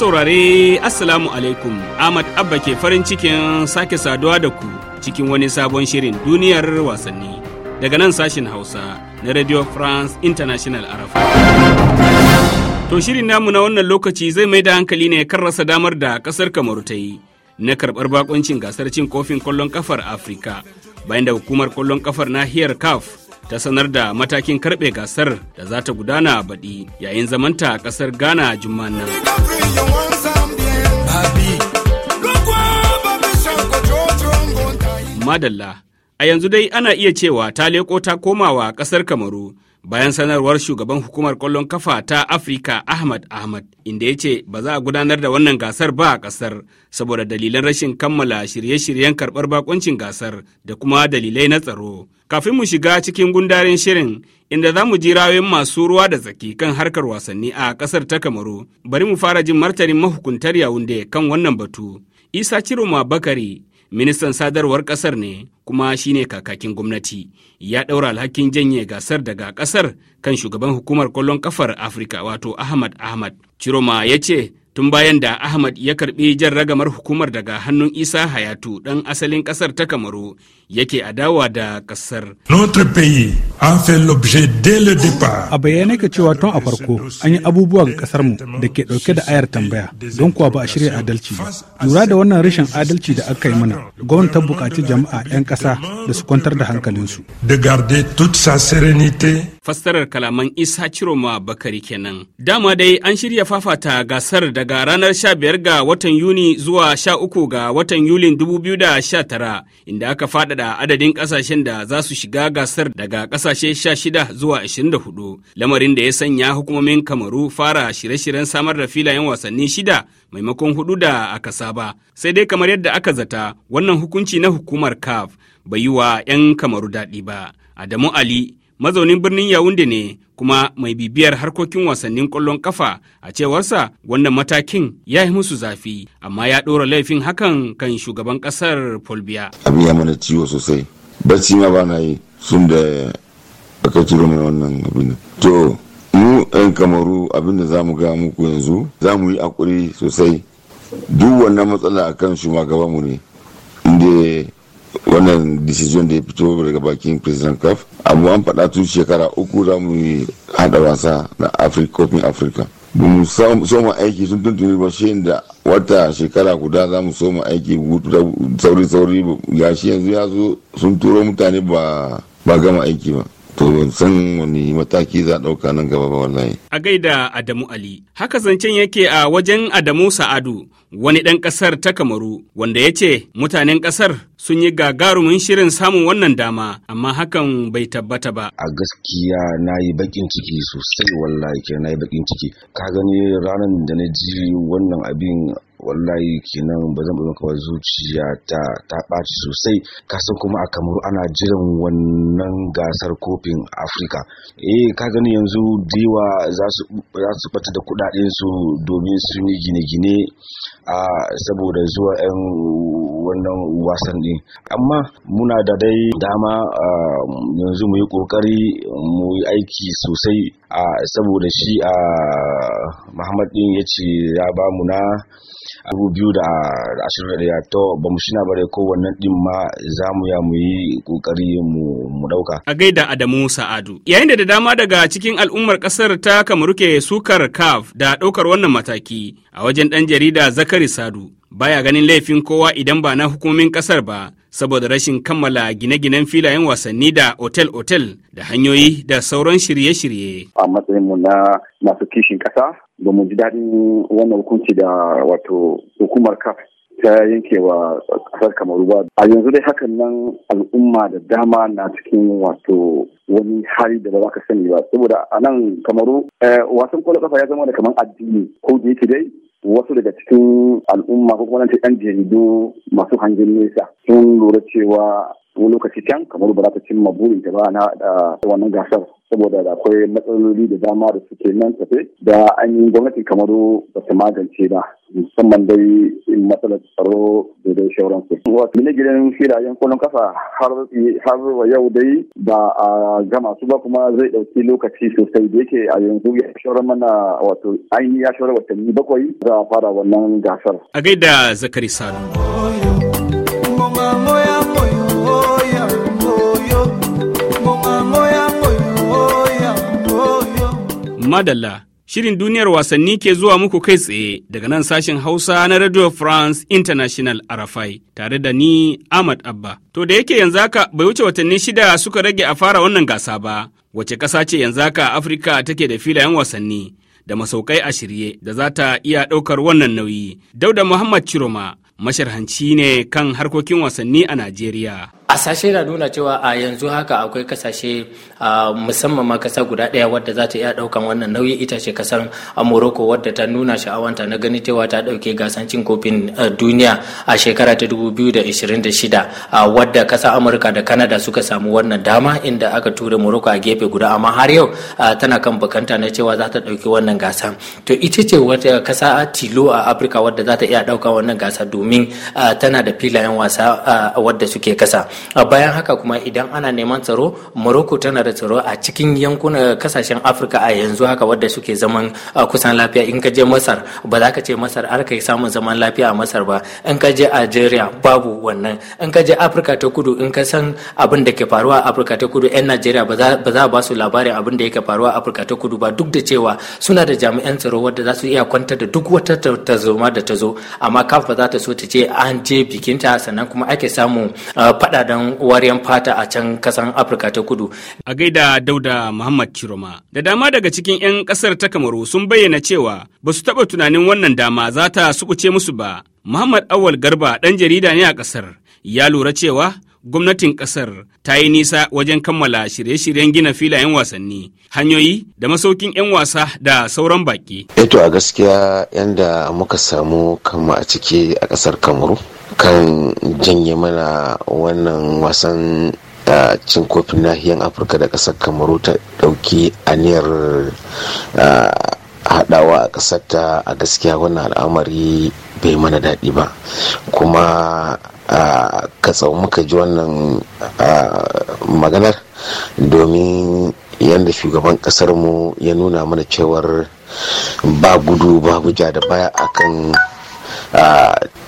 saurare Assalamu alaikum Ahmad Abba ke farin cikin sake saduwa da ku cikin wani sabon shirin duniyar wasanni daga nan sashin Hausa na Radio France International Arafa. To shirin namu na wannan lokaci zai mai da hankali ne kan rasa damar da kasar Kamaru ta yi na karɓar bakoncin gasar cin kofin kwallon kafar Afirka bayan da hukumar kwallon kafar nahiyar CAF ta sanar da matakin karbe gasar da za ta gudana baɗi yayin zamanta a ƙasar ghana juma nan madalla A yanzu dai ana iya cewa ta leko ta komawa ƙasar Kamaru bayan sanarwar shugaban hukumar kwallon kafa ta Afirka Ahmad Ahmad inda ya ce ba za a gudanar da wannan gasar ba a ƙasar saboda dalilan rashin kammala shirye-shiryen karɓar bakoncin gasar da kuma dalilai na tsaro. Kafin mu shiga cikin gundarin shirin inda za mu ji rayoyin masu ruwa da tsaki kan harkar wasanni a ƙasar ta Kamaru bari mu fara jin martanin mahukuntar Yaounde kan wannan batu. Isa Ciroma Bakari ministan sadarwar kasar ne kuma shine kakakin gwamnati ya ɗaura alhakin janye gasar daga kasar kan shugaban hukumar kwallon kafar afirka wato ahmad ahmad ciroma ya ce tun bayan da ahmad ya karbi jan ragamar hukumar daga hannun isa hayatu dan asalin kasar ta kamaru yake adawa da kasar a bayyane ka cewa tun a farko an yi abubuwan kasarmu da ke dauke da ayar tambaya don kuwa ba a shirya adalci ba lura da wannan rashin adalci da aka yi mana gwamnati ta bukaci jama'a 'yan kasa da su kwantar da hankalinsu de garder toute sa sérénité fassarar kalaman Isa Ciroma Bakari kenan. Dama dai an shirya fafata gasar daga ranar 15 ga watan Yuni zuwa 13 ga watan Yulin 2019 inda aka fadada adadin kasashen da za su shiga gasar daga ƙasashe 16 zuwa 24 lamarin da ya sanya hukumomin Kamaru fara shirye-shiryen samar da filayen wasanni shida maimakon hudu da aka saba. Sai dai kamar yadda aka zata wannan hukunci na hukumar CAF bai yi wa 'yan Kamaru daɗi ba. Adamu Ali mazaunin birnin yawunde ne kuma mai bibiyar harkokin wasannin ƙwallon kafa a cewarsa wannan matakin ya yi musu zafi amma ya ɗora laifin hakan kan shugaban ƙasar Folbiya. Abin ya mana ciwo sosai. Bacci ma ba na yi sun da aka ciro mai wannan abin. To mu 'yan kamaru abin da za mu ga muku yanzu za mu yi akuri sosai. Duk wannan matsala akan mu ne. Inda wannan decision da ya fito daga bakin president kaf amma an faɗa tun shekara uku za mu yi haɗa wasa na kofin afirka ba mu soma aiki sun tuntuni ba shi da wata shekara guda za mu soma aiki sauri-sauri gashi yanzu ya zo sun turo mutane ba gama aiki ba to ban san wani mataki za ɗauka nan gaba ba wallahi. A gaida Adamu Ali, haka zancen yake a wajen Adamu Sa'adu, wani ɗan ƙasar ta Kamaru, wanda ya ce mutanen ƙasar sun yi gagarumin shirin samun wannan dama, amma hakan bai tabbata ba. A gaskiya na yi baƙin ciki sosai wallahi ke na yi baƙin ciki. Ka gani ranar da na ji wannan abin wallahi kenan ba zan bai maka zuciya ta ta ɓaci sosai kasan kuma a kamaru ana jiran wannan gasar kofin afirka eh ka gani yanzu diwa za su bata da kudaden su domin su yi gine-gine a saboda zuwa yan wannan wasan din amma muna da dai dama yanzu mu yi kokari mu yi aiki sosai a saboda shi a muhammad din ya ce ya ba mu na abu biyu da ashirin da to ba mu shina bare ko wannan din ma za mu ya mu yi kokari mu mu dauka a gaida Adamu Sa'adu yayin da da dama daga cikin al'ummar kasar ta Kamaruke sukar kaf da daukar wannan mataki a wajen dan jarida Zakari Sadu baya ganin laifin kowa idan ba na hukumomin kasar ba saboda rashin kammala gine-ginen filayen wasanni da otel-otel da hanyoyi da sauran shirye-shirye. A matsayin mu na masu kishin ƙasa, ba mu ji daɗin wannan hukunci da wato hukumar CAF ta yankewa wa ƙasar Kamaru ba. A yanzu dai hakan nan al'umma da dama na cikin wato wani hali da ba sani ba. Saboda a nan Kamaru eh, wasan kwallon ƙafa ya zama da kamar addini ko da yake dai wasu daga cikin al'umma ko kuma ce ɗan jaridu masu hangen nesa sun lura cewa wani lokaci can kamar ba za ta cimma burin ta ba na wannan gasar saboda da akwai matsaloli da dama da suke nan tafe da an yi gwamnati kamar ba ta magance ba musamman dai in matsalar tsaro da dai shauransu. Wato ne gidan filayen kolon kasa har wa yau dai ba a gama su ba kuma zai ɗauki lokaci sosai da yake a yanzu ya shaurar mana wato an yi ya shaurar watanni bakwai za a fara wannan gasar. A gaida Zakari Sani. madalla. Shirin duniyar wasanni ke zuwa muku kai tsaye daga nan sashen Hausa na Radio France International Arafai tare da ni Ahmad Abba. To da yake yanzu haka bai wuce watanni shida suka rage a fara wannan gasa ba, wace ƙasa ce yanzu haka Afirka take da filayen wasanni da masaukai a shirye da za ta iya ɗaukar wannan nauyi. Dauda Muhammad Chiroma masharhanci ne kan harkokin wasanni a Najeriya. asashe na nuna cewa a yanzu haka akwai kasashe musamman ma kasa guda ɗaya wadda za ta iya ɗaukan wannan nauyi ita ce kasar morocco wadda ta nuna sha'awanta na ganin cewa ta ɗauke gasan cin kofin duniya a shekara ta 2026 wadda kasa amurka da canada suka samu wannan dama inda aka tura morocco a gefe guda amma har yau tana kan bakanta na cewa za ta ɗauki wannan gasa to ita ce wata kasa tilo a afirka wadda za ta iya ɗauka wannan gasa domin tana da filayen wasa wadda suke kasa a bayan haka kuma idan ana neman tsaro morocco tana da tsaro a cikin yankunan kasashen afirka a yanzu haka wadda suke zaman kusan lafiya in ka je masar ba za ka ce masar har kai samun zaman lafiya a masar ba in ka je algeria babu wannan in ka je afirka ta kudu in ka san abin da ke faruwa a afirka ta kudu yan najeriya ba za ba su labarin abin da yake faruwa a afirka ta kudu ba duk da cewa suna da jami'an tsaro wadda za su iya kwantar da duk wata tazoma da ta zo amma kafa za ta so ta ce an je bikinta sannan kuma ake samun faɗa kudaden wariyar fata a can kasan afirka ta kudu a gaida dauda muhammad kiroma da dama daga cikin 'yan kasar ta kamaru sun bayyana cewa ba su taɓa tunanin wannan dama za ta sukuce musu ba muhammad awal garba dan jarida ne a kasar ya lura cewa gwamnatin kasar ta yi nisa wajen kammala shirye-shiryen gina filayen wasanni hanyoyi da masaukin 'yan wasa da sauran baki. eto eh a gaskiya yadda muka samu kama a ciki a kasar kamaru kan janye mana wannan wasan cin kofin nahiyar afirka da kasar kamaru ta dauki aniyar hadawa a kasar ta a gaskiya wannan al'amari bai mana daɗi ba kuma ka tsawon muka ji wannan maganar domin yadda shugaban mu ya nuna mana cewar ba gudu babu ja da baya akan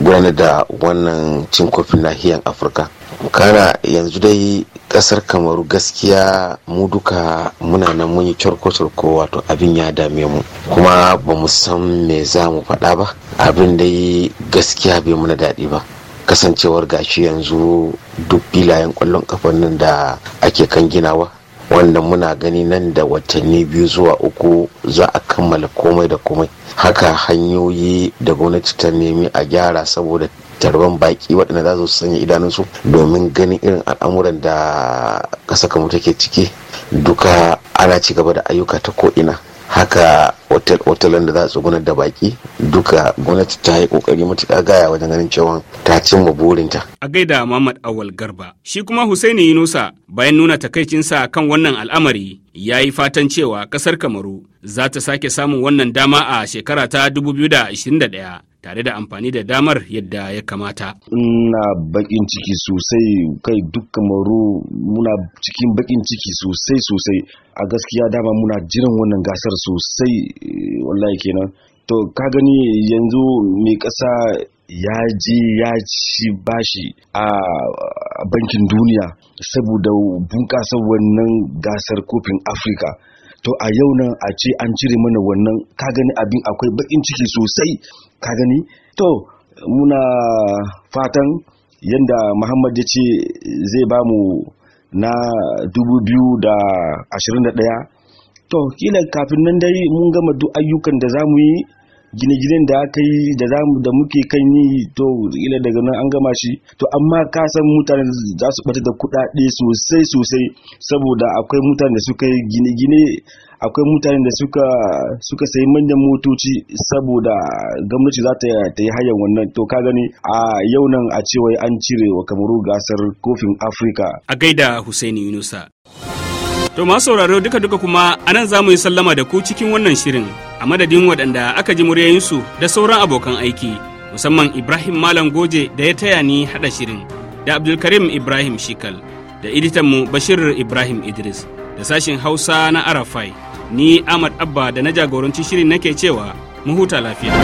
gudanar da wannan cin kofin nahiyar afirka kana yanzu dai kasar kamaru gaskiya mu duka muna nan mun yi corko-corko wato abin ya dame mu kuma ba mu san me za mu faɗa ba abin dai gaskiya bai muna daɗi ba kasancewar gashi yanzu duk filayen ƙwallon kafan nan da ake kan ginawa wannan muna gani nan da watanni biyu zuwa uku za a kammala komai da komai haka hanyoyi da gwamnati ta nemi a gyara saboda tarban baki waɗanda za su sanya idanunsu domin ganin irin al'amuran da ƙasa kamar take ciki duka ana ci gaba da ayyuka ta ko'ina haka otel otalan da za su gunar da baki duka gwamnati ta yi kokari matuƙa gaya wajen ganin cewa ta cimma burinta. A gaida Muhammad Awal Garba, shi kuma Hussaini Yunusa bayan nuna takaicinsa kan wannan al'amari ya yi fatan cewa ƙasar Kamaru za ta sake samun wannan dama a shekara ta 2021. tare da amfani da damar yadda ya kamata. Ina bakin ciki sosai kai duk kamaru muna cikin bakin ciki sosai sosai a gaskiya dama muna jiran wannan gasar sosai eh, wallahi kenan. To ka gani yanzu mai ƙasa ya je ya ci bashi a bankin duniya saboda bunƙasa wannan gasar kofin Afirka. to a yau nan a ce an cire mana wannan ka gani abin akwai bakin ciki sosai ka gani to muna fatan yadda muhammad ya ce zai ba mu na 2021 to kila kafin nan dai mun gama duk ayyukan da za mu yi gine-ginen da aka yi da zamu da muke kan yi to ila daga nan an gama shi to amma ka san mutane za su bata da kuɗaɗe sosai sosai saboda akwai mutane da suka yi gine-gine akwai mutane da suka suka sayi manyan motoci saboda gwamnati za ta yi hayan wannan to ka gani a yau nan a cewa an cire wa kamaru gasar kofin afirka a gaida Hussaini yunusa To masu sauraro duka duka kuma anan za mu yi sallama da ku cikin wannan shirin a madadin waɗanda aka ji muryoyinsu da sauran abokan aiki musamman Ibrahim Malam Goje da ya taya ni haɗa shirin da Abdulkarim Ibrahim Shikal da editanmu Bashir Ibrahim Idris da sashin Hausa na Arafai ni Ahmad Abba da na jagoranci shirin nake cewa mu huta lafiya.